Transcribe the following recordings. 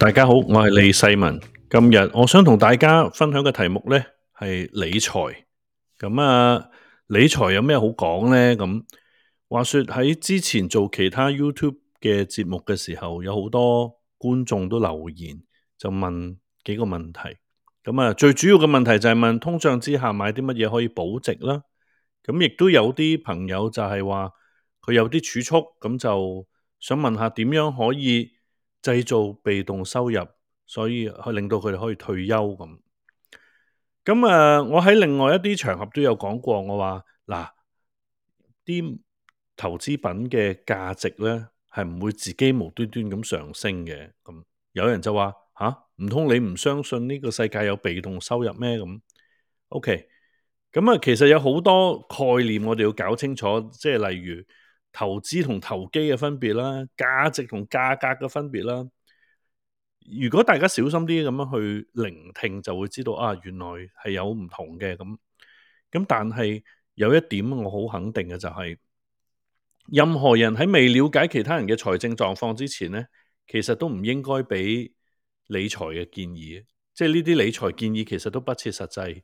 大家好，我係李世民。今日我想同大家分享嘅題目呢係理財。咁啊，理財有咩好講呢？咁話說喺之前做其他 YouTube 嘅節目嘅時候，有好多觀眾都留言，就問幾個問題。咁啊，最主要嘅問題就係問，通脹之下買啲乜嘢可以保值啦？咁亦都有啲朋友就係話佢有啲儲蓄，咁就想問下點樣可以製造被動收入，所以可以令到佢哋可以退休咁。咁啊，我喺另外一啲場合都有講過，我話嗱，啲投資品嘅價值咧係唔會自己無端端咁上升嘅。咁有人就話吓，唔通你唔相信呢個世界有被動收入咩？咁，O K。咁啊，其實有好多概念我哋要搞清楚，即係例如。投資同投機嘅分別啦，價值同價格嘅分別啦。如果大家小心啲咁樣去聆聽，就會知道啊，原來係有唔同嘅咁。咁但係有一點我好肯定嘅就係任何人喺未了解其他人嘅財政狀況之前咧，其實都唔應該俾理財嘅建議。即係呢啲理財建議其實都不切實際。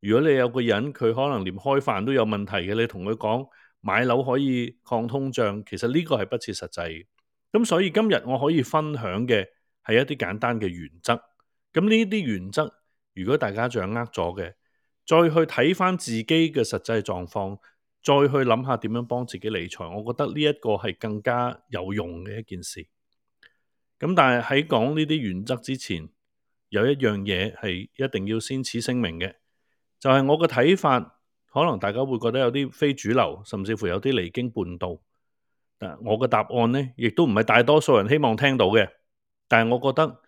如果你有個人佢可能連開飯都有問題嘅，你同佢講。買樓可以抗通脹，其實呢個係不切實際。咁所以今日我可以分享嘅係一啲簡單嘅原則。咁呢啲原則，如果大家掌握咗嘅，再去睇返自己嘅實際狀況，再去諗下點樣幫自己理財，我覺得呢一個係更加有用嘅一件事。咁但係喺講呢啲原則之前，有一樣嘢係一定要先此聲明嘅，就係我嘅睇法。可能大家會覺得有啲非主流，甚至乎有啲離經叛道。但係我嘅答案呢，亦都唔係大多數人希望聽到嘅。但係我覺得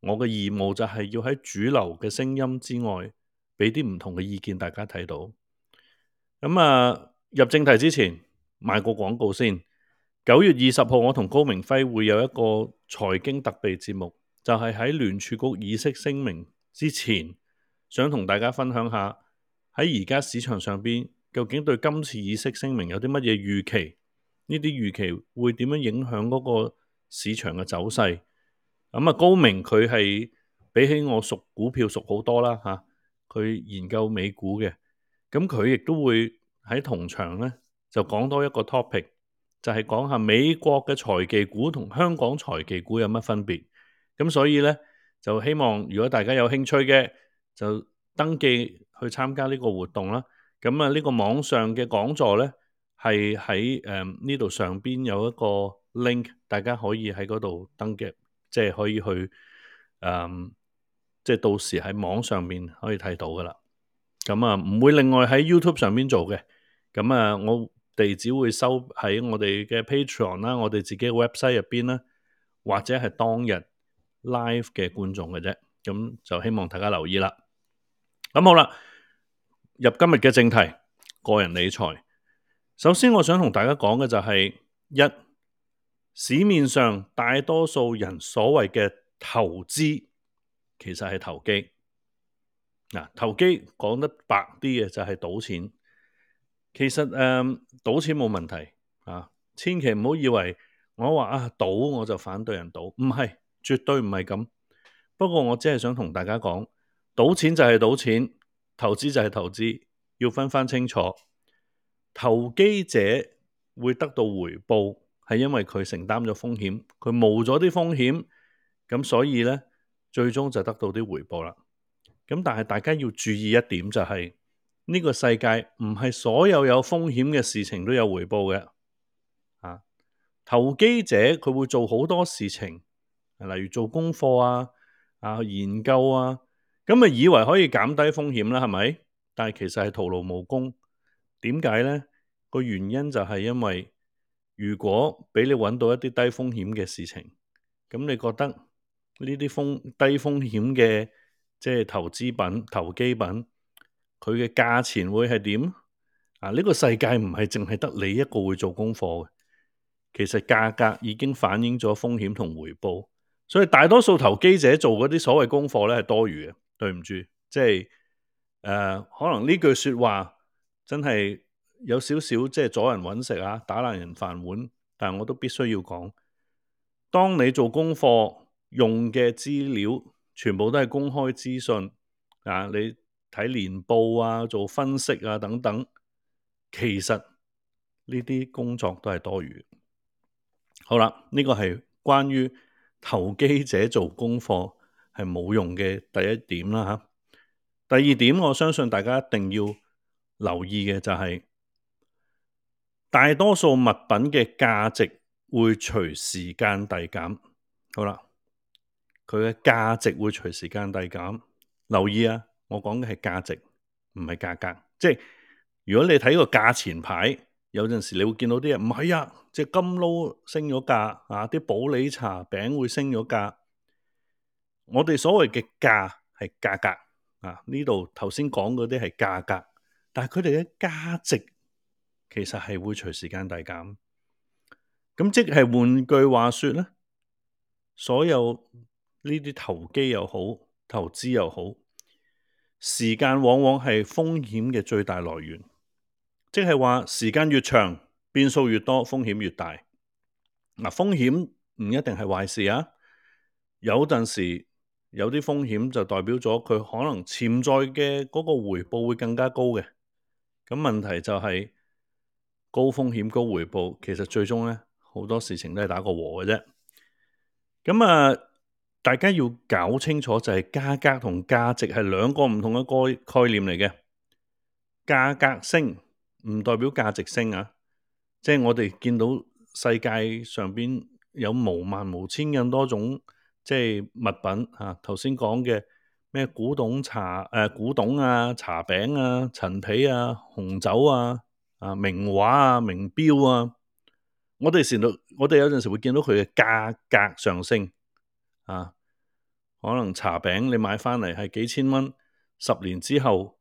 我嘅義務就係要喺主流嘅聲音之外，俾啲唔同嘅意見，大家睇到。咁、嗯、啊，入正題之前，賣個廣告先。九月二十號，我同高明輝會有一個財經特備節目，就係喺聯儲局議息聲明之前，想同大家分享下。喺而家市場上面，究竟對今次議息聲明有啲乜嘢預期？呢啲預期會點樣影響嗰個市場嘅走勢？咁、嗯、啊，高明佢係比起我熟股票熟好多啦嚇，佢、啊、研究美股嘅，咁佢亦都會喺同場呢就講多一個 topic，就係講下美國嘅財技股同香港財技股有乜分別。咁所以呢，就希望如果大家有興趣嘅，就登記。去參加呢個活動啦，咁啊呢個網上嘅講座呢，係喺誒呢度上邊有一個 link，大家可以喺嗰度登記，即係可以去誒，即係到時喺網上面可以睇到噶啦。咁啊唔會另外喺 YouTube 上面做嘅，咁啊我哋只會收喺我哋嘅 Patreon 啦，我哋自己 website 入邊啦，或者係當日 live 嘅觀眾嘅啫。咁就希望大家留意啦。咁好啦。入今日嘅正題，個人理財。首先，我想同大家講嘅就係、是、一，市面上大多數人所謂嘅投資，其實係投機。嗱、啊，投機講得白啲嘅就係、是、賭錢。其實誒、嗯，賭錢冇問題啊，千祈唔好以為我話啊賭我就反對人賭，唔係，絕對唔係咁。不過我只係想同大家講，賭錢就係賭錢。投資就係投資，要分返清楚。投機者會得到回報，係因為佢承擔咗風險，佢冒咗啲風險，咁所以呢，最終就得到啲回報啦。咁但係大家要注意一點就係，呢個世界唔係所有有風險嘅事情都有回報嘅。啊，投機者佢會做好多事情，例如做功課啊、啊研究啊。咁咪以為可以減低風險啦，係咪？但係其實係徒勞無功。點解呢？個原因就係因為如果俾你揾到一啲低風險嘅事情，咁你覺得呢啲低風險嘅即係投資品、投機品，佢嘅價錢會係點？啊，呢個世界唔係淨係得你一個會做功課嘅。其實價格已經反映咗風險同回報，所以大多數投機者做嗰啲所謂功課呢係多餘嘅。對唔住，呃，可能呢句說話真係有少少阻人揾食啊，打爛人飯碗。但我都必須要講，當你做功課用嘅資料全部都係公開資訊啊，你睇年報啊、做分析啊等等，其實呢啲工作都係多餘的。好啦，呢個係關於投機者做功課，係冇用嘅第一點啦，吓第二點，我相信大家一定要留意嘅就係大多數物品嘅價值會隨時間遞減。好啦，佢嘅價值會隨時間遞減。留意啊，我講嘅係價值，唔係價格。即係如果你睇個價錢牌，有陣時你會見到啲人：「唔係啊，隻金撈升咗價啊，啲保利茶餅會升咗價。」我哋所謂嘅價係價格啊，呢度頭先講嗰啲係價格，但係佢哋嘅價值其實係會隨時間遞減。咁即係換句話說呢，所有呢啲投機又好，投資又好，時間往往係風險嘅最大來源。即係話時間越長，變數越多，風險越大。嗱，啊，風險唔一定係壞事啊，有陣時候。有啲風險就代表咗佢可能潛在嘅嗰個回報會更加高嘅。咁問題就係高風險高回報，其實最終呢好多事情都係打個和嘅啫。咁啊，大家要搞清楚就係價格同價值是兩個不同價值係兩個唔同嘅概念嚟嘅。價格升唔代表價值升啊，即係我哋見到世界上邊有無萬無千咁多種。即係物品啊，頭先講嘅咩古董茶誒、啊、古董啊茶餅啊陳皮啊紅酒啊啊名畫啊名表啊，我哋時到我哋有陣時會見到佢嘅價格上升啊，可能茶餅你買翻嚟係幾千蚊，十年之後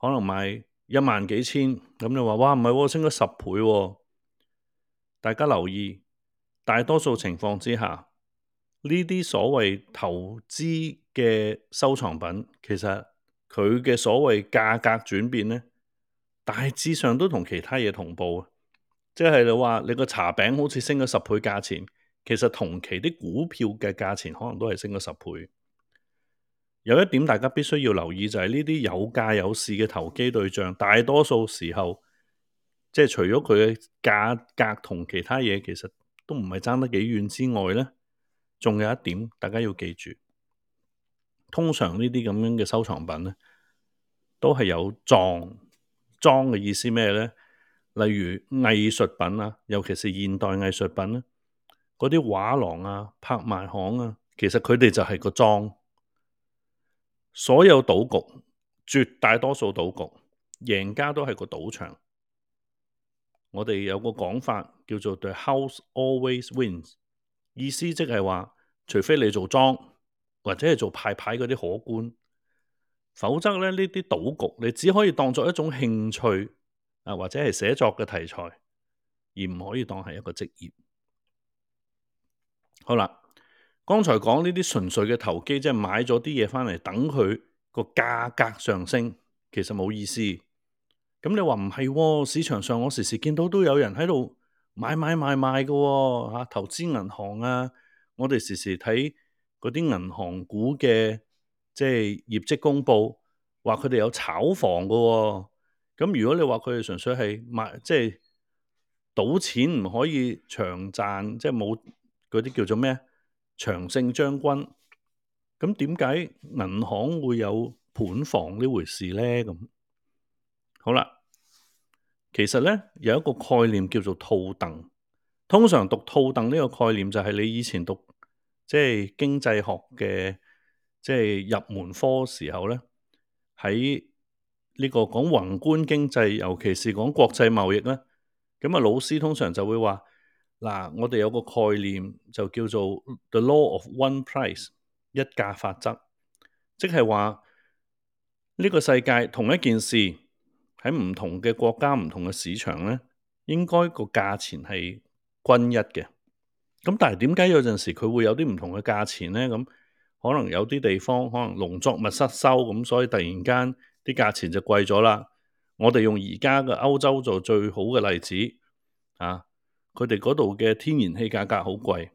可能賣一萬幾千，咁你話哇唔係喎，升咗十倍、喎，大家留意，大多數情況之下。呢啲所謂投資嘅收藏品，其實佢嘅所謂價格轉變咧，大致上都同其他嘢同步即係、就是，你話你個茶餅好似升咗十倍價錢，其實同期啲股票嘅價錢可能都係升咗十倍。有一點大家必須要留意就係呢啲有價有市嘅投機對象，大多數時候即係除咗佢嘅價格同其他嘢其實都唔係爭得幾遠之外咧。仲有一點，大家要記住，通常呢啲咁樣嘅收藏品呢，都係有莊，莊嘅意思係咩咧？例如藝術品啊，尤其是現代藝術品咧、啊，嗰啲畫廊啊、拍賣行啊，其實佢哋就係個莊。所有賭局，絕大多數賭局贏家都係個賭場。我哋有個講法叫做 The House Always Wins。意思即係話，除非你做莊或者係做派牌嗰啲可觀，否則咧呢啲賭局你只可以當作一種興趣啊，或者係寫作嘅題材，而唔可以當係一個職業。好啦，剛才講呢啲純粹嘅投機，即係買咗啲嘢返嚟等佢個價格上升，其實冇意思。咁你話唔係喎？市場上我時時見到都有人喺度。買買買買嘅哦，吓，啊，投資銀行啊！我哋時時睇嗰啲銀行股嘅，即係業績公佈，話佢哋有炒房嘅哦。咁如果你話佢哋純粹係買，即係賭錢，唔可以長賺，即係冇嗰啲叫做咩長勝將軍。咁點解銀行會有盤房呢回事咧？咁好啦。其實咧，有一個概念叫做套戥。通常讀套戥呢個概念，就係你以前讀即係經濟學嘅即係入門科時候呢，喺呢個講宏觀經濟，尤其是講國際貿易呢，咁啊老師通常就會話嗱，我哋有個概念就叫做 The Law of One Price 一價法則，即係話呢個世界同一件事。喺唔同嘅國家、唔同嘅市場咧，應該個價錢係均一嘅。咁但係點解有陣時佢會有啲唔同嘅價錢咧？咁可能有啲地方可能農作物失收，咁所以突然間啲價錢就貴咗啦。我哋用而家嘅歐洲做最好嘅例子啊，佢哋嗰度嘅天然氣價格好貴。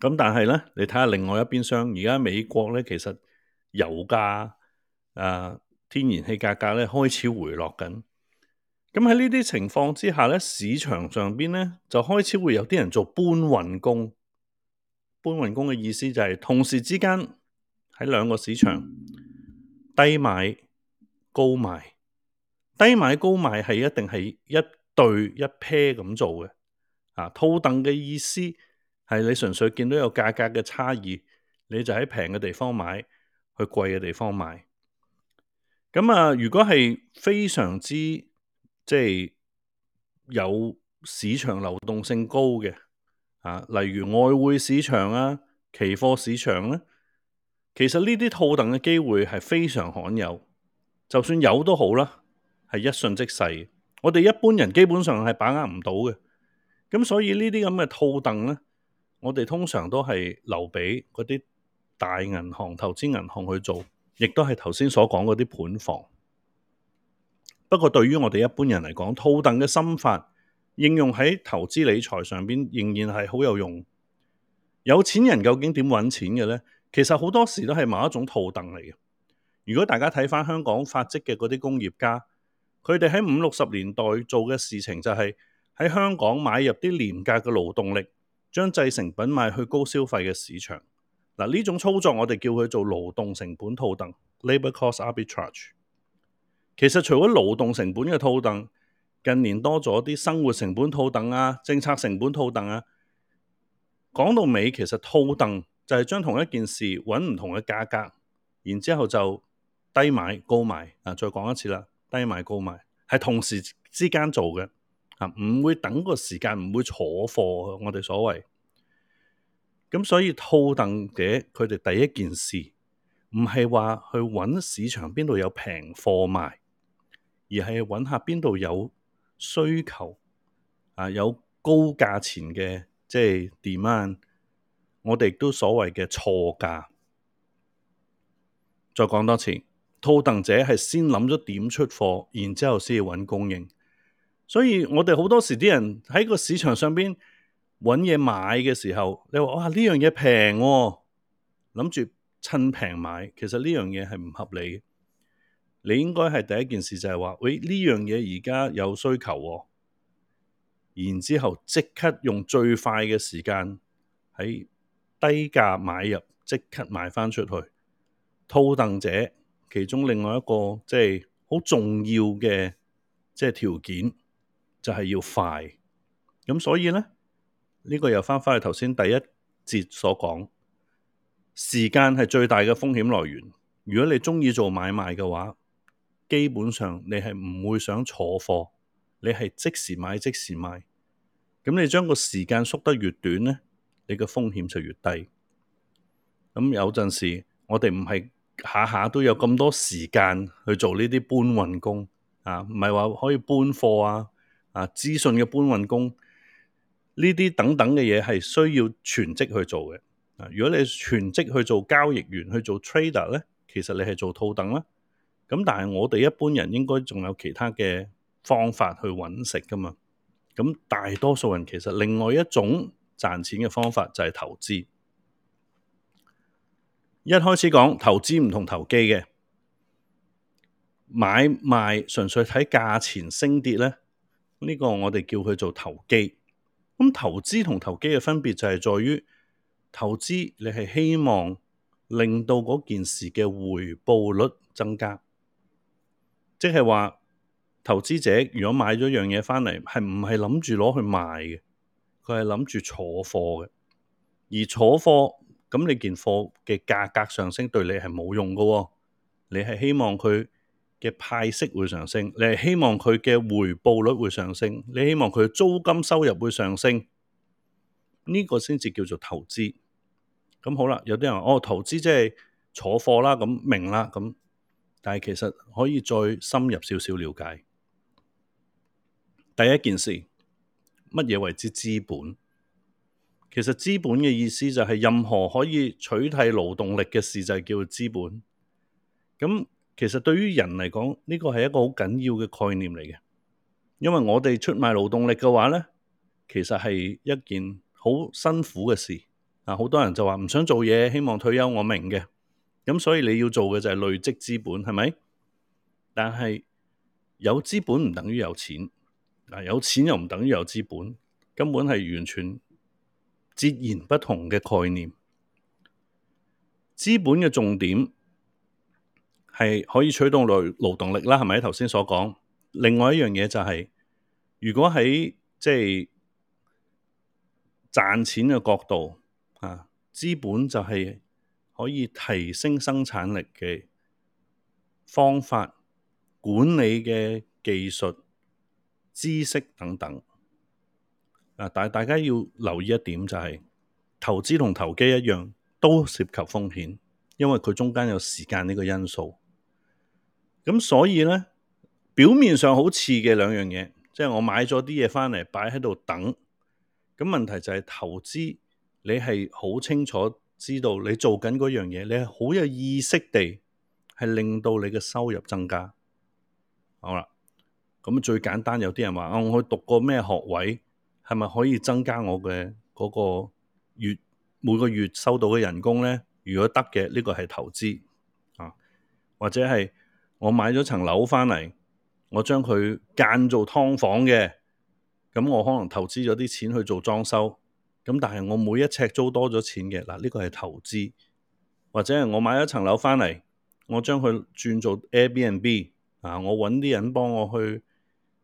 咁但係咧，你睇下另外一邊廂，而家美國咧，其實油價啊。天然氣價格咧開始回落緊，咁喺呢啲情況之下咧，市場上邊呢，就開始會有啲人做搬運工。搬運工嘅意思就係、是、同時之間喺兩個市場低買高賣，低買高賣係一定係一對一 p a i 做嘅。啊，拖凳嘅意思係你純粹見到有價格嘅差異，你就喺平嘅地方買，去貴嘅地方賣。咁啊，那如果係非常之即係、就是、有市場流動性高嘅，啊、例如外匯市場啊、期貨市場呢，其實呢啲套戥嘅機會係非常罕有，就算有都好啦，係一瞬即逝。我哋一般人基本上係把握唔到嘅，咁所以呢啲咁嘅套戥呢，我哋通常都係留俾嗰啲大銀行、投資銀行去做。亦都係頭先所講嗰啲盤房，不過對於我哋一般人嚟講，套戥嘅心法應用喺投資理財上面仍然係好有用。有錢人究竟點搵錢嘅呢？其實好多時候都係某一種套戥嚟嘅。如果大家睇返香港發跡嘅嗰啲工業家，佢哋喺五六十年代做嘅事情就係喺香港買入啲廉價嘅勞動力，將製成品賣去高消費嘅市場。嗱，呢種操作我哋叫佢做勞動成本套戥 （Labor Cost Arbitrage）。其實除咗勞動成本嘅套戥，近年多咗啲生活成本套戥啊、政策成本套戥啊。講到尾，其實套戥就係將同一件事揾唔同嘅價格，然之後就低買高賣。再講一次啦，低買高賣係同時之間做嘅，嚇唔會等個時間，唔會坐貨。我哋所謂。咁所以套凳者，佢哋第一件事唔係話去揾市場邊度有平貨賣，而係揾下邊度有需求啊，有高價錢嘅即係 demand。我哋都所謂嘅錯價。再講多次，套凳者係先諗咗點出貨，然之後先要揾供應。所以我哋好多時啲人喺個市場上邊揾嘢買嘅時候，你話：哇！呢樣嘢平，諗住趁平買。其實呢樣嘢係唔合理嘅。你應該係第一件事就係話：喂、哎，呢樣嘢而家有需求，哦，然之後即刻用最快嘅時間喺低價買入，即刻賣返出去。套戥者其中另外一個即係好重要嘅即係條件就係、是，要快。咁所以呢。呢個又返返去頭先第一節所講，時間係最大嘅風險來源。如果你鍾意做買賣嘅話，基本上你係唔會想坐貨，你係即時買即時賣。咁你將個時間縮得越短咧，你嘅風險就越低。咁有陣時我哋唔係下下都有咁多時間去做呢啲搬運工啊，唔係話可以搬貨啊啊資訊嘅搬運工。呢啲等等嘅嘢係需要全職去做嘅。啊，如果你全職去做交易員，去做 trader 咧，其實你係做套戥啦。咁但係我哋一般人應該仲有其他嘅方法去揾食噶嘛。咁大多數人其實另外一種賺錢嘅方法就係投資。一開始講投資唔同投機嘅買賣，純粹睇價錢升跌咧，呢個我哋叫佢做投機。咁投資同投機嘅分別就係在於，投資你係希望令到嗰件事嘅回報率增加，即係話投資者如果買咗樣嘢返嚟，係唔係諗住攞去賣嘅，佢係諗住坐貨嘅，而坐貨咁你件貨嘅價格上升對你係冇用㗎喎，你係希望佢。嘅派息會上升，你係希望佢嘅回報率會上升，你希望佢租金收入會上升，呢個先至叫做投資。咁好啦，有啲人哦，投資即係坐貨啦，咁明啦，咁但係其實可以再深入少少了解。第一件事，乜嘢為之資本？其實資本嘅意思就係任何可以取締勞動力嘅事就叫做資本。咁其實對於人嚟講，呢個係一個好緊要嘅概念嚟嘅，因為我哋出賣勞動力嘅話咧，其實係一件好辛苦嘅事啊。好多人就話唔想做嘢，希望退休，我明嘅。咁所以你要做嘅就係累積資本，係咪？但係有資本唔等於有錢，嗱，有錢又唔等於有資本，根本係完全截然不同嘅概念。資本嘅重點。係可以取代勞勞動力啦，係咪？頭先所講，另外一樣嘢就係，如果喺即係賺錢嘅角度啊，資本就係可以提升生產力嘅方法、管理嘅技術、知識等等啊。但大家要留意一點就係，投資同投機一樣都涉及風險，因為佢中間有時間呢個因素。咁所以咧，表面上好似嘅兩樣嘢，即係我買咗啲嘢翻嚟擺喺度等。咁問題就係投資，你係好清楚知道你做緊嗰樣嘢，你係好有意識地係令到你嘅收入增加，好啦。咁最簡單，有啲人話啊，我讀個咩學位係咪可以增加我嘅嗰個月每個月收到嘅人工咧？如果得嘅呢個係投資啊，或者係。我買咗層樓返嚟，我將佢間做劏房嘅，咁我可能投資咗啲錢去做裝修，咁但係我每一尺租多咗錢嘅，嗱、這、呢個係投資。或者係我買咗層樓返嚟，我將佢轉做 Airbnb，啊，我揾啲人幫我去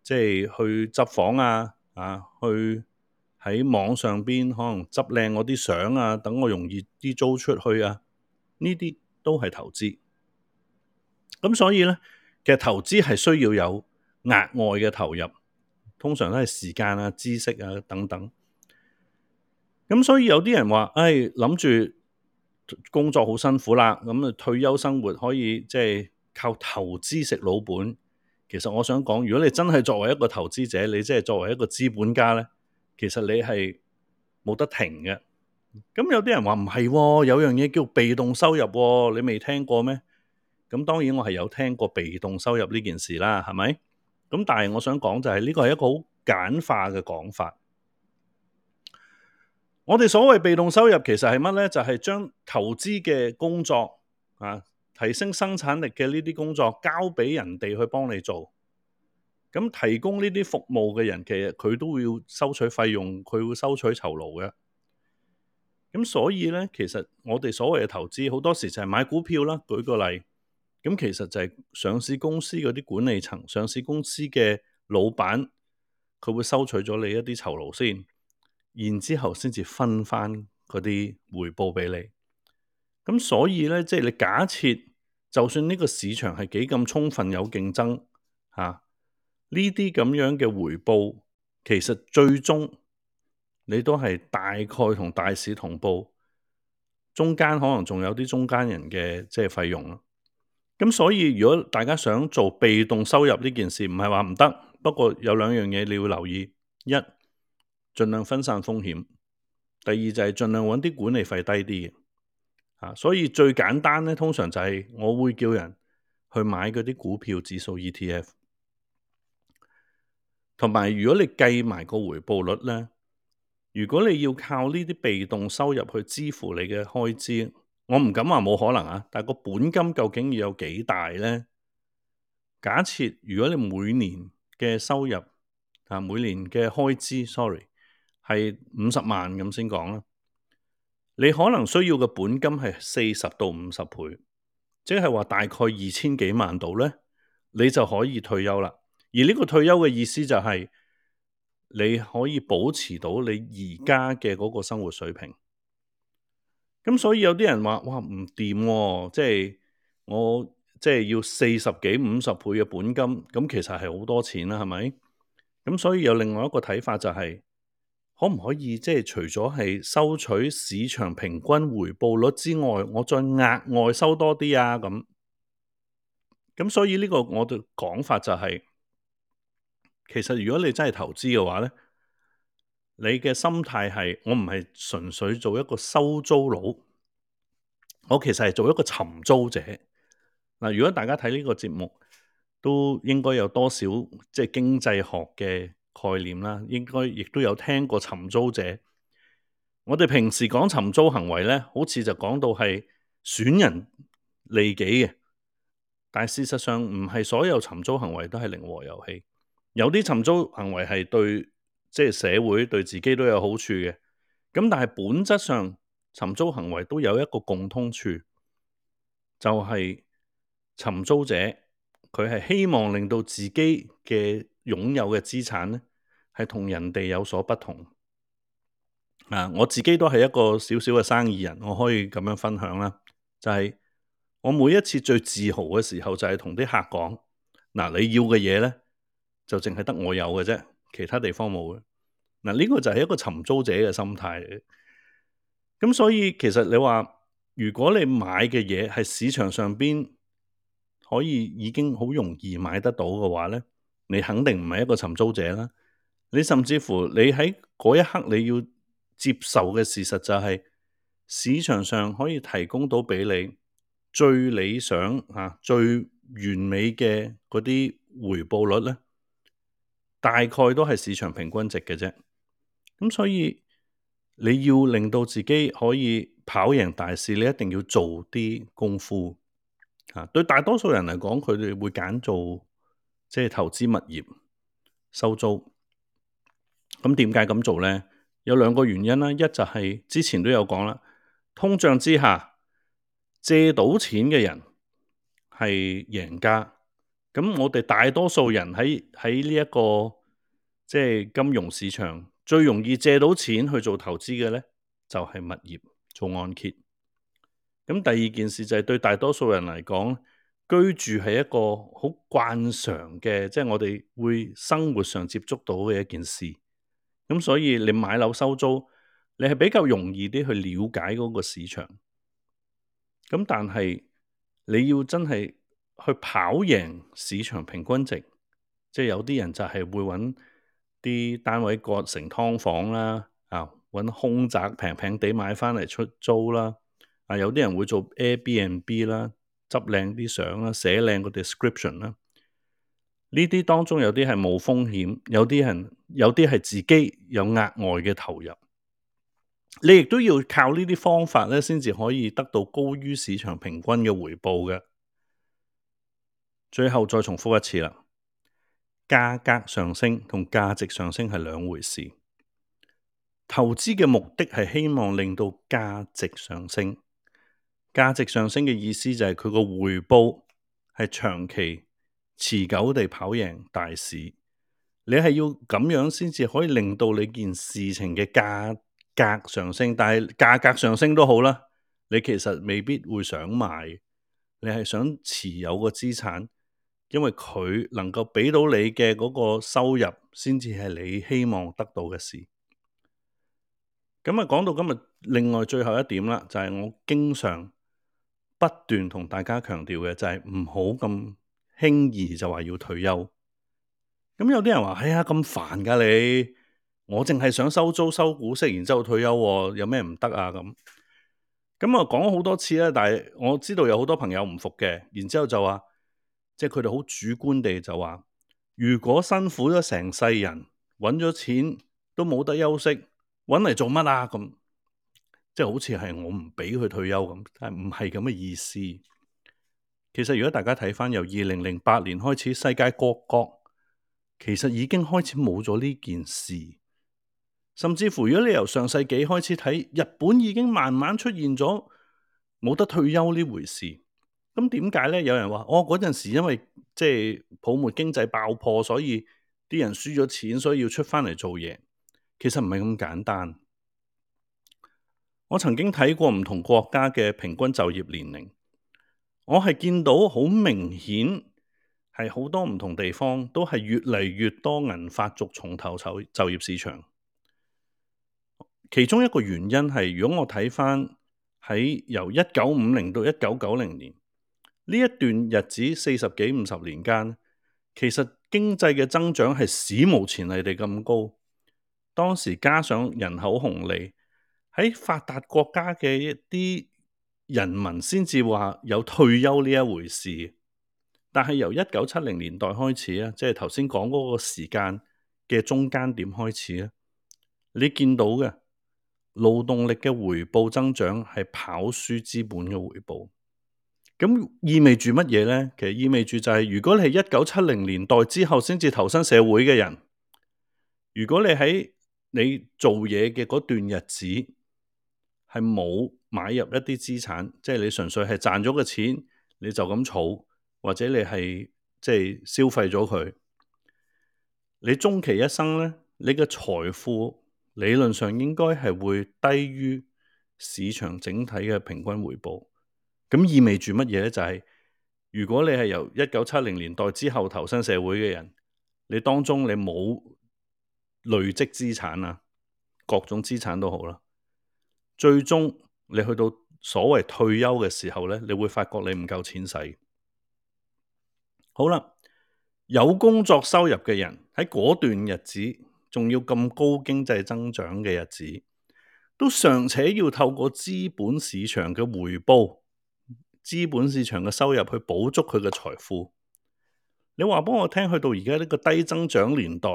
即係去執房啊，啊，去喺網上邊可能執靚我啲相啊，等我容易啲租出去啊，呢啲都係投資。咁所以咧，其實投資係需要有額外嘅投入，通常都係時間啊、知識啊等等。咁所以有啲人話：，誒、哎，諗住工作好辛苦啦，咁啊退休生活可以即係、就是、靠投資食老本。其實我想講，如果你真係作為一個投資者，你真係作為一個資本家咧，其實你係冇得停嘅。咁有啲人話唔係喎，有樣嘢叫被動收入喎，你未聽過咩？咁當然我係有聽過被動收入呢件事啦，係咪？咁但係我想講就係呢個係一個好簡化嘅講法。我哋所謂被動收入其實係乜咧？就係將投資嘅工作啊，提升生產力嘅呢啲工作交畀人哋去幫你做。咁提供呢啲服務嘅人，其實佢都要收取費用，佢會收取酬勞嘅。咁所以咧，其實我哋所謂嘅投資好多時就係買股票啦。舉個例。咁其實就係上市公司嗰啲管理層，上市公司嘅老闆，佢會收取咗你一啲酬勞先，然之後先至分翻嗰啲回報畀你。咁所以咧，即係你假設，就算呢個市場係幾咁充分有競爭，吓呢啲咁樣嘅回報，其實最終你都係大概同大市同步，中間可能仲有啲中間人嘅即係費用啦。咁所以如果大家想做被動收入呢件事，唔係話唔得，不過有兩樣嘢你要留意：一盡量分散風險；第二就係盡量搵啲管理費低啲嘅。啊，所以最簡單呢，通常就係我會叫人去買嗰啲股票指數 ETF，同埋如果你計埋個回報率呢，如果你要靠呢啲被動收入去支付你嘅開支。我唔敢話冇可能啊，但係個本金究竟要有幾大呢？假設如果你每年嘅收入啊，每年嘅開支，sorry，係五十萬咁先講啦，你可能需要嘅本金係四十到五十倍，即係話大概二千幾萬度呢，你就可以退休啦。而呢個退休嘅意思就係、是、你可以保持到你而家嘅嗰個生活水平。咁所以有啲人話哇唔掂啊，即係我即係要四十幾五十倍嘅本金，咁其實係好多錢啦，係咪？咁所以有另外一個睇法，就係可唔可以即係除咗係收取市場平均回報率之外，我再額外收多啲啊？咁咁所以呢個我嘅講法就係，其實如果你真係投資嘅話咧。你嘅心態係我唔係純粹做一個收租佬，我其實係做一個尋租者。如果大家睇呢個節目，都應該有多少即係經濟學嘅概念啦，應該亦都有聽過尋租者。我哋平時講尋租行為呢，好似就講到係損人利己嘅，但事實上唔係所有尋租行為都係零和遊戲，有啲尋租行為係對。即係社會對自己都有好處嘅，咁但係本質上尋租行為都有一個共通處，就係尋租者佢係希望令到自己嘅擁有嘅資產咧係同人哋有所不同。啊，我自己都係一個少少嘅生意人，我可以咁樣分享啦，就係我每一次最自豪嘅時候就係同啲客講，嗱，你要嘅嘢咧就淨係得我有嘅啫。其他地方冇嘅，嗱呢個就係一個尋租者嘅心態嚟。咁所以其實你話，如果你買嘅嘢係市場上邊可以已經好容易買得到嘅話咧，你肯定唔係一個尋租者啦。你甚至乎你喺嗰一刻你要接受嘅事實就係，市場上可以提供到俾你最理想啊、最完美嘅嗰啲回報率咧大概都係市場平均值嘅啫，咁所以你要令到自己可以跑贏大市，你一定要做啲功夫啊！對大多數人嚟講，佢哋會揀做即係投資物業收租。咁點解咁做呢？有兩個原因啦，一就係之前都有講啦，通脹之下借到錢嘅人係贏家。咁我哋大多數人喺喺呢一個即係、就是、金融市場最容易借到錢去做投資嘅咧，就係、是、物業做按揭。咁第二件事就係對大多數人嚟講，居住係一個好慣常嘅，即、就、係、是、我哋會生活上接觸到嘅一件事。咁所以你買樓收租，你係比較容易啲去了解嗰個市場。咁但係你要真係。去跑贏市場平均值，即係有啲人就係會揾啲單位割成劏房啦，啊，揾空宅平平地買返嚟出租啦，啊，有啲人會做 Airbnb 啦，啊，執靚啲相啦，寫靚個 description 啦，啊，呢啲當中有啲係冇風險，有啲係有啲係自己有額外嘅投入，你亦都要靠呢啲方法咧，先至可以得到高於市場平均嘅回報嘅。最後再重複一次啦，價格上升同價值上升係兩回事。投資嘅目的係希望令到價值上升，價值上升嘅意思就係佢個回報係長期持久地跑贏大市。你係要咁樣先至可以令到你件事情嘅價格上升，但係價格上升都好啦，你其實未必會想買，你係想持有個資產。因為佢能夠俾到你嘅嗰個收入，先至係你希望得到嘅事。咁啊，講到今日，另外最後一點啦，就係我經常不斷同大家強調嘅，就係唔好咁輕易就話要退休。咁有啲人話：哎呀，咁煩噶你！我淨係想收租、收股息，然之後退休，有咩唔得啊？咁咁啊，講咗好多次啦，但係我知道有好多朋友唔服嘅，然之後就話。即係佢哋好主觀地就話，如果辛苦咗成世人揾咗錢都冇得休息，揾嚟做乜啊？咁即係好似係我唔俾佢退休咁，但係唔係咁嘅意思。其實如果大家睇翻由二零零八年開始，世界各國其實已經開始冇咗呢件事，甚至乎如果你由上世紀開始睇，日本已經慢慢出現咗冇得退休呢回事。咁點解咧？有人話我嗰陣時因為即係泡沫經濟爆破，所以啲人輸咗錢，所以要出翻嚟做嘢。其實唔係咁簡單。我曾經睇過唔同國家嘅平均就業年齡，我係見到好明顯係好多唔同地方都係越嚟越多銀發族重投就業市場。其中一個原因係如果我睇翻喺由一九五零到一九九零年。呢一段日子，四十幾五十年間，其實經濟嘅增長係史無前例地咁高。當時加上人口紅利，喺發達國家嘅一啲人民先至話有退休呢一回事。但係由一九七零年代開始啊，即係頭先講嗰個時間嘅中間點開始啊，你見到嘅勞動力嘅回報增長係跑輸資本嘅回報。咁意味住乜嘢咧？其實意味住就係、是，如果你係一九七零年代之後先至投身社會嘅人，如果你喺你做嘢嘅嗰段日子係冇買入一啲資產，即、就、係、是、你純粹係賺咗嘅錢，你就咁儲，或者你係即係消費咗佢，你終其一生咧，你嘅財富理論上應該係會低於市場整體嘅平均回報。咁意味住乜嘢咧？就係如果你係由一九七零年代之後投身社會嘅人，你當中你冇累積資產啊，各種資產都好啦，最終你去到所謂退休嘅時候咧，你會發覺你唔夠錢使。好啦，有工作收入嘅人喺嗰段日子，仲要咁高經濟增長嘅日子，都尚且要透過資本市場嘅回報。資本市場嘅收入去補足佢嘅財富，你話畀我聽去到而家呢個低增長年代，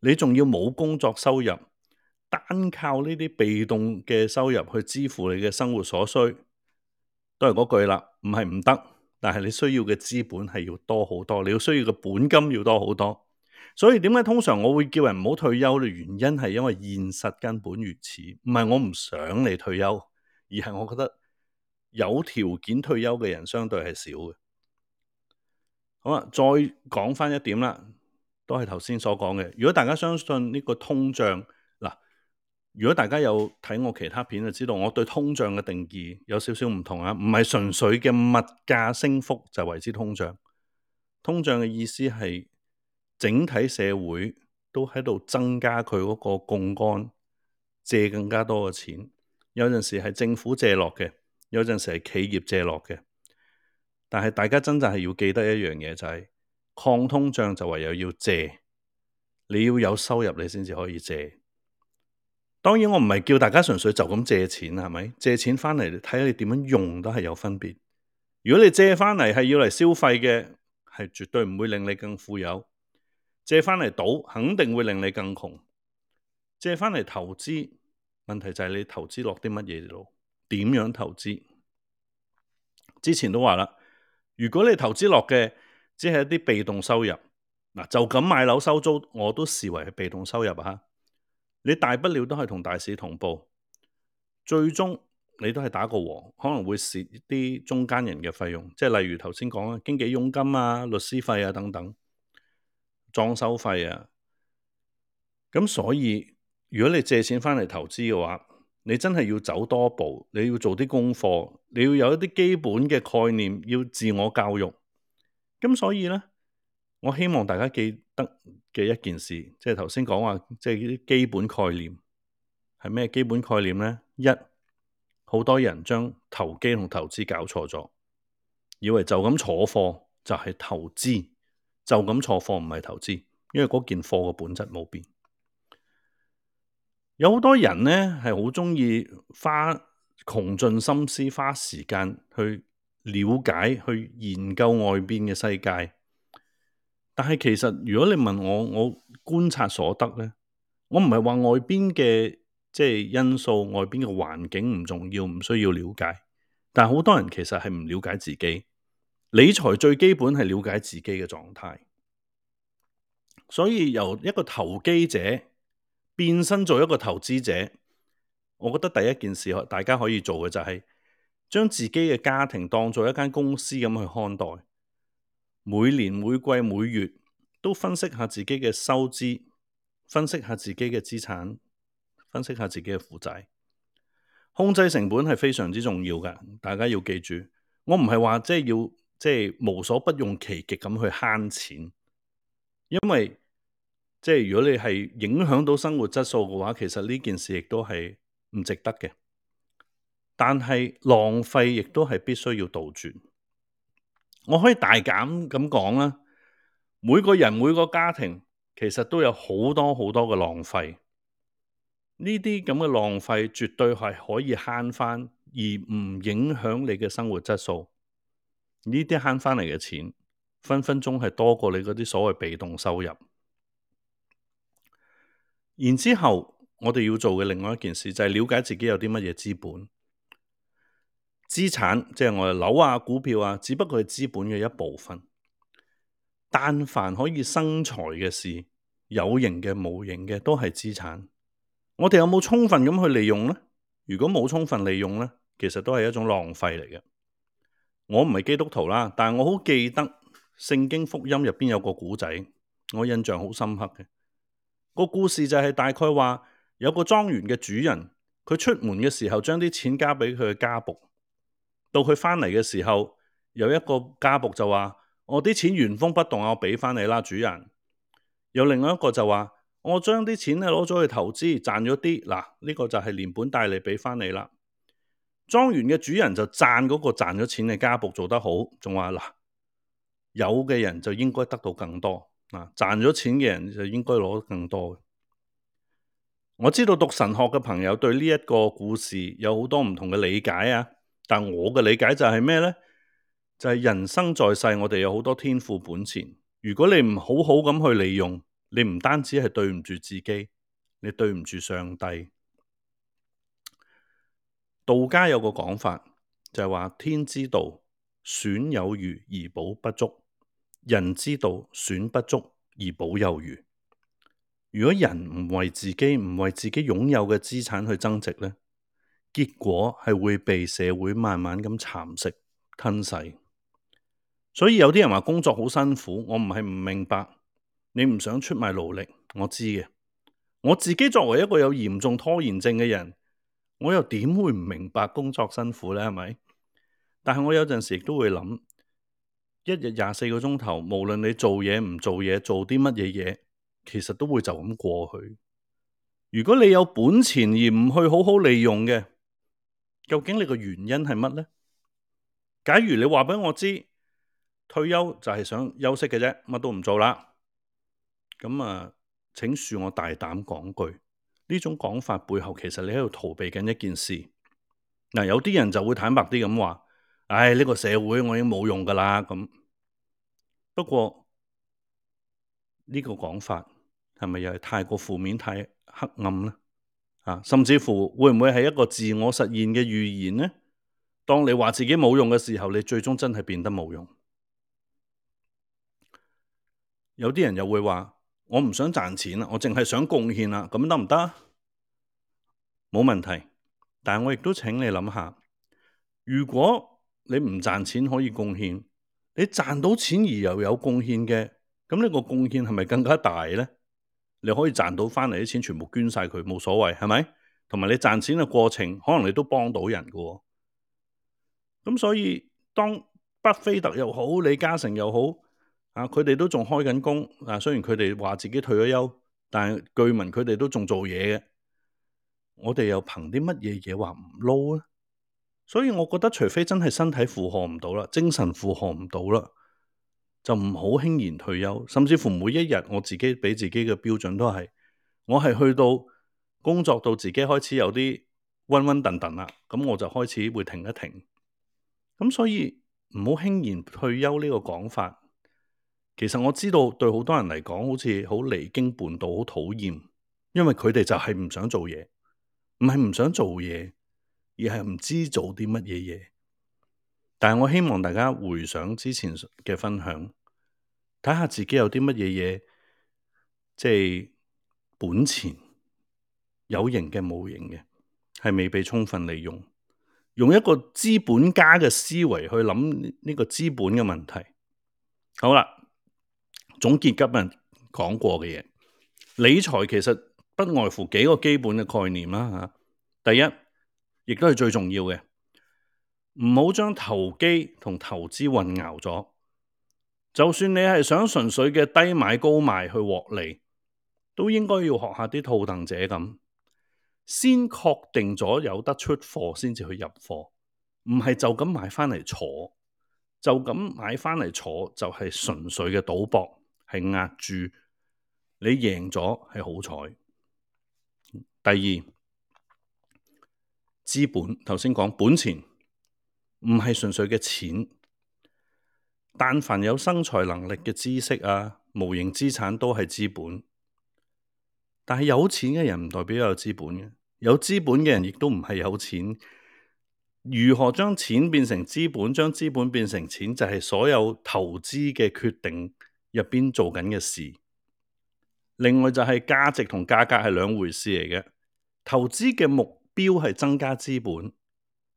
你仲要冇工作收入，單靠呢啲被動嘅收入去支付你嘅生活所需，都係嗰句啦，唔係唔得，但係你需要嘅資本係要多好多，你要需要嘅本金要多好多，所以點解通常我會叫人唔好退休嘅原因係因為現實根本如此，唔係我唔想你退休，而係我覺得。有條件退休嘅人相對係少嘅。好啊，再講翻一點啦，都係頭先所講嘅。如果大家相信呢個通脹，嗱，如果大家有睇我其他片就知道，我對通脹嘅定義有少少唔同啊，唔係純粹嘅物價升幅就為之通脹。通脹嘅意思係整體社會都喺度增加佢嗰個槓桿，借更加多嘅錢，有陣時係政府借落嘅。有陣時係企業借落嘅，但係大家真正係要記得一樣嘢，就係抗通脹就唯有要借，你要有收入你先至可以借。當然我唔係叫大家純粹就咁借錢係咪？借錢翻嚟睇下你點樣用都係有分別。如果你借翻嚟係要嚟消費嘅，係絕對唔會令你更富有；借翻嚟賭肯定會令你更窮；借翻嚟投資，問題就係你投資落啲乜嘢度。點樣投資？之前都話啦，如果你投資落嘅只係一啲被動收入，嗱就咁買樓收租，我都視為係被動收入啊！你大不了都係同大市同步，最終你都係打個和，可能會蝕啲中間人嘅費用，即係例如頭先講嘅經紀佣金啊、律師費啊等等，裝修費啊。咁所以，如果你借錢返嚟投資嘅話，你真係要走多步，你要做啲功課，你要有一啲基本嘅概念，要自我教育。咁所以呢，我希望大家記得嘅一件事，即係頭先講話，即係基本概念係咩？基本概念呢？一好多人將投機同投資搞錯咗，以為就咁坐貨就係投資，就咁坐貨唔係投資，因為嗰件貨嘅本質冇變。有好多人呢，係好鍾意花窮盡心思，花時間去了解，去研究外邊嘅世界。但係其實如果你問我，我觀察所得呢，我唔係話外邊嘅即係因素、外邊嘅環境唔重要，唔需要了解。但係好多人其實係唔了解自己。理財最基本係了解自己嘅狀態。所以由一個投機者，變身做一個投資者，我覺得第一件事大家可以做嘅就係、是、將自己嘅家庭當做一間公司咁去看待，每年每季每月都分析下自己嘅收支，分析下自己嘅資產，分析下自己嘅負債，控制成本係非常之重要㗎。大家要記住，我唔係話即係要即係、就是、無所不用其極咁去慳錢，因為。即係如果你係影響到生活質素嘅話，其實呢件事亦都係唔值得嘅。但係浪費亦都係必須要杜絕。我可以大膽咁講啦，每個人每個家庭其實都有好多好多嘅浪費。呢啲咁嘅浪費絕對係可以慳翻，而唔影響你嘅生活質素。呢啲慳翻嚟嘅錢，分分鐘係多過你嗰啲所謂被動收入。然之後，我哋要做嘅另外一件事，就係了解自己有啲乜嘢資本、資產，即係我哋樓啊、股票啊，只不過係資本嘅一部分。但凡可以生財嘅事，有形嘅、冇形嘅，都係資產。我哋有冇充分咁去利用呢？如果冇充分利用咧，其實都係一種浪費嚟嘅。我唔係基督徒啦，但係我好記得聖經福音入邊有個古仔，我印象好深刻嘅。個故事就係大概話，有個莊園嘅主人，佢出門嘅時候將啲錢交俾佢嘅家僕，到佢返嚟嘅時候，有一個家僕就話：，我啲錢原封不動啊，我畀返你啦，主人。有另外一個就話：，我將啲錢咧攞咗去投資，賺咗啲，嗱呢個就係連本帶利畀返你啦。莊園嘅主人就贊嗰個賺咗錢嘅家僕做得好，仲話嗱，有嘅人就應該得到更多。嗱，賺咗錢嘅人就應該攞更多嘅。我知道讀神學嘅朋友對呢一個故事有好多唔同嘅理解啊，但我嘅理解就係咩呢？就係人生在世，我哋有好多天賦本錢。如果你唔好好咁去利用，你唔單止係對唔住自己，你對唔住上帝。道家有個講法，就係話天之道，損有餘而補不足。人之道，損不足而補有餘。如果人唔為自己唔為自己擁有嘅資產去增值呢，結果係會被社會慢慢咁蠶食吞噬。所以有啲人話工作好辛苦，我唔係唔明白，你唔想出賣勞力，我知嘅。我自己作為一個有嚴重拖延症嘅人，我又點會唔明白工作辛苦咧？係咪？但係我有陣時都會諗。一日廿四個鐘頭，無論你做嘢唔做嘢，做啲乜嘢嘢，其實都會就咁過去。如果你有本錢而唔去好好利用嘅，究竟你個原因係乜呢？假如你話俾我知，退休就係想休息嘅啫，乜都唔做啦。咁啊，請恕我大膽講句，呢種講法背後，其實你喺度逃避緊一件事。嗱，有啲人就會坦白啲咁話。唉，呢個社會我已經冇用噶啦。咁不過呢個講法係咪又係太過負面、太黑暗呢？啊，甚至乎會唔會係一個自我實現嘅預言呢？當你話自己冇用嘅時候，你最終真係變得冇用。有啲人又會話：我唔想賺錢啦，我淨係想貢獻啦，咁得唔得？冇問題，但我亦都請你諗下，如果你唔賺錢可以貢獻，你賺到錢而又有貢獻嘅，咁呢個貢獻係咪更加大呢？你可以賺到返嚟啲錢，全部捐晒佢，冇所謂，係咪？同埋你賺錢嘅過程，可能你都幫到人㗎喎。咁所以，當巴菲特又好，李嘉誠又好，啊，佢哋都仲開緊工。啊，雖然佢哋話自己退咗休，但係據聞佢哋都仲做嘢嘅。我哋又憑啲乜嘢嘢話唔撈咧？所以我覺得，除非真係身體負荷唔到啦，精神負荷唔到啦，就唔好輕言退休。甚至乎每一日，我自己畀自己嘅標準都係，我係去到工作到自己開始有啲暈暈沌沌啦，咁我就開始會停一停。咁所以唔好輕言退休呢個講法。其實我知道對好多人嚟講，好似好離經叛道，好討厭，因為佢哋就係唔想做嘢，唔係唔想做嘢。而係唔知做啲乜嘢嘢，但係我希望大家回想之前嘅分享，睇下自己有啲乜嘢嘢，即係本錢有形嘅、冇形嘅，係未被充分利用。用一個資本家嘅思維去諗呢個資本嘅問題。好啦，總結今日講過嘅嘢，理財其實不外乎幾個基本嘅概念啦。吓，第一。亦都係最重要嘅，唔好將投機同投資混淆咗。就算你係想純粹嘅低買高賣去獲利，都應該要學下啲套戥者咁，先確定咗有得出貨先至去入貨，唔係就咁買翻嚟坐，就咁買翻嚟坐就係純粹嘅賭博，係押注。你贏咗係好彩。第二。資本，頭先講本錢唔係純粹嘅錢，但凡有生財能力嘅知識啊、無形資產都係資本。但係有錢嘅人唔代表有資本嘅，有資本嘅人亦都唔係有錢。如何將錢變成資本，將資本變成錢，就係所有投資嘅決定入邊做緊嘅事。另外就係價值同價格係兩回事嚟嘅，投資嘅目。標係增加資本，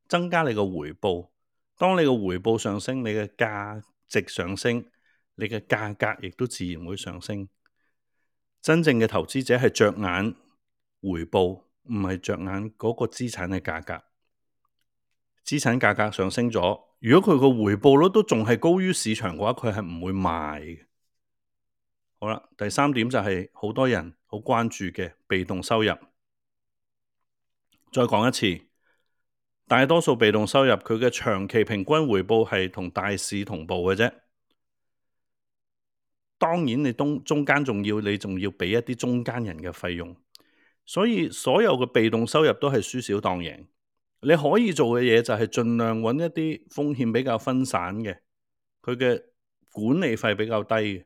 增加你個回報。當你個回報上升，你嘅價值上升，你嘅價格亦都自然會上升。真正嘅投資者係着眼回報，唔係着眼嗰個資產嘅價格。資產價格上升咗，如果佢個回報率都仲係高於市場嘅話，佢係唔會賣。好啦，第三點就係好多人好關注嘅被動收入。再講一次，大多數被動收入佢嘅長期平均回報係同大市同步嘅啫。當然你中間還你還中間仲要你仲要俾一啲中間人嘅費用，所以所有嘅被動收入都係輸少當贏。你可以做嘅嘢就係盡量揾一啲風險比較分散嘅，佢嘅管理費比較低嘅，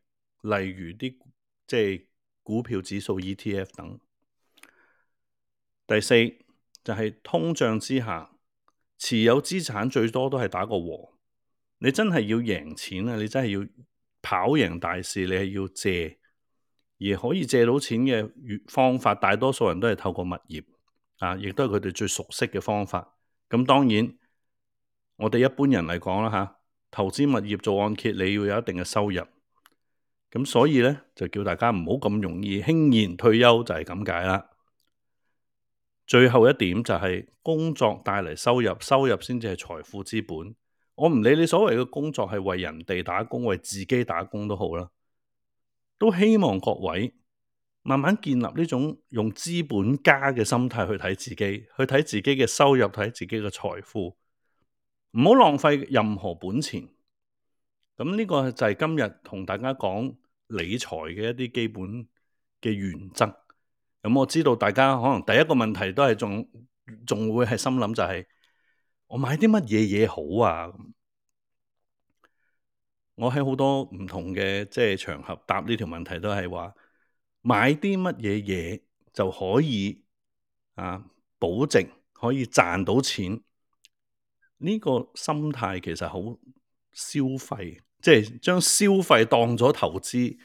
例如啲、即係、股票指數 ETF 等。第四。就係通脹之下，持有資產最多都係打個和。你真係要贏錢啊！你真係要跑贏大市。你係要借，而可以借到錢嘅方法，大多數人都係透過物業啊，亦都係佢哋最熟悉嘅方法。咁當然，我哋一般人嚟講啦嚇，投資物業做按揭，id, 你要有一定嘅收入。咁所以呢，就叫大家唔好咁容易輕易退休就是這，就係咁解啦。最後一點就係工作帶嚟收入，收入先至係財富之本。我唔理你所謂嘅工作係為人哋打工、為自己打工都好啦，都希望各位慢慢建立呢種用資本家嘅心態去睇自己，去睇自己嘅收入，睇自己嘅財富，唔好浪費任何本錢。咁呢個就係今日同大家講理財嘅一啲基本嘅原則。咁、嗯、我知道大家可能第一個問題都係仲仲會係心諗就係、是、我買啲乜嘢嘢好啊？我喺好多唔同嘅即係場合答呢條問題都係話買啲乜嘢嘢就可以啊，保值，可以賺到錢呢，這個心態其實好消費，即係將消費當咗投資。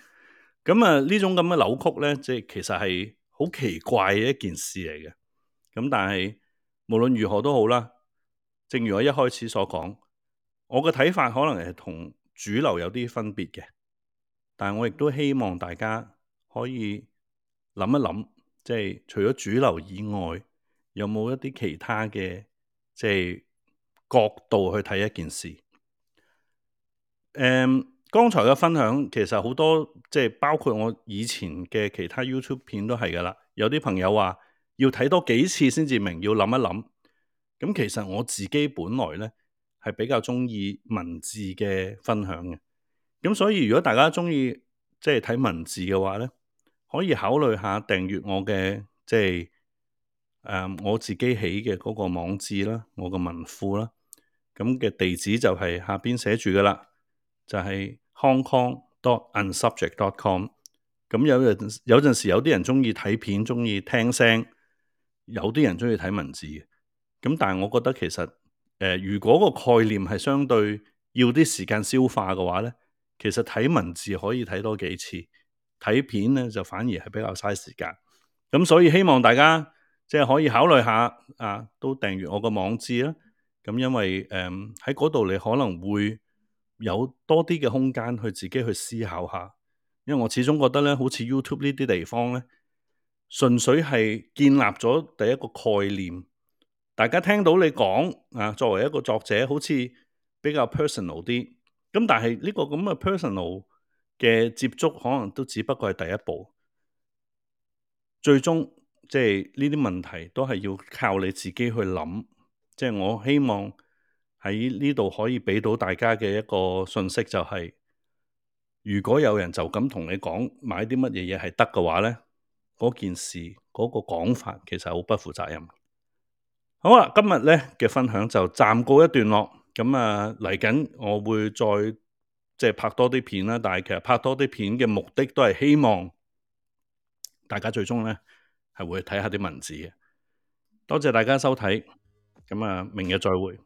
咁啊呢種咁嘅扭曲咧，即係其實係。好奇怪嘅一件事嚟嘅，咁但係無論如何都好啦。正如我一開始所講，我嘅睇法可能係同主流有啲分別嘅，但係我亦都希望大家可以諗一諗，即係除咗主流以外，有冇一啲其他嘅即係角度去睇一件事。嗯。剛才嘅分享其實好多，即包括我以前嘅其他 YouTube 片都係噶啦。有啲朋友話要睇多幾次先至明，要諗一諗。咁其實我自己本來咧係比較中意文字嘅分享嘅。咁所以如果大家中意即係睇文字嘅話咧，可以考慮下訂閱我嘅即係誒我自己起嘅嗰個網誌啦，我個文庫啦。咁嘅地址就係下面寫住噶啦，就係、是。Hong Kong dot and subject dot com，咁有陣有陣時有啲人鍾意睇片，鍾意聽聲；有啲人鍾意睇文字嘅。咁但係我覺得其實，誒、呃、如果個概念係相對要啲時間消化嘅話咧，其實睇文字可以睇多幾次，睇片咧就反而係比較嘥時間。咁所以希望大家即係可以考慮下啊，都訂閱我個網誌啦。咁、啊、因為誒喺嗰度你可能會，有多啲嘅空間去自己去思考下，因為我始終覺得咧，好似 YouTube 呢啲地方咧，純粹係建立咗第一個概念，大家聽到你講啊，作為一個作者，好似比較 personal 啲，咁但係呢個咁嘅 personal 嘅接觸，可能都只不過係第一步，最終即係呢啲問題都係要靠你自己去諗，即係我希望。喺呢度可以畀到大家嘅一個信息，就是，就係如果有人就咁同你講買啲乜嘢嘢係得嘅話咧，嗰件事嗰、嗰個講法其實好不負責任。好啦，啊，今日咧嘅分享就暫告一段落。咁啊嚟緊我會再即係拍多啲片啦。但係其實拍多啲片嘅目的都係希望大家最終咧係會睇下啲文字嘅。多謝大家收睇。咁啊，明日再會。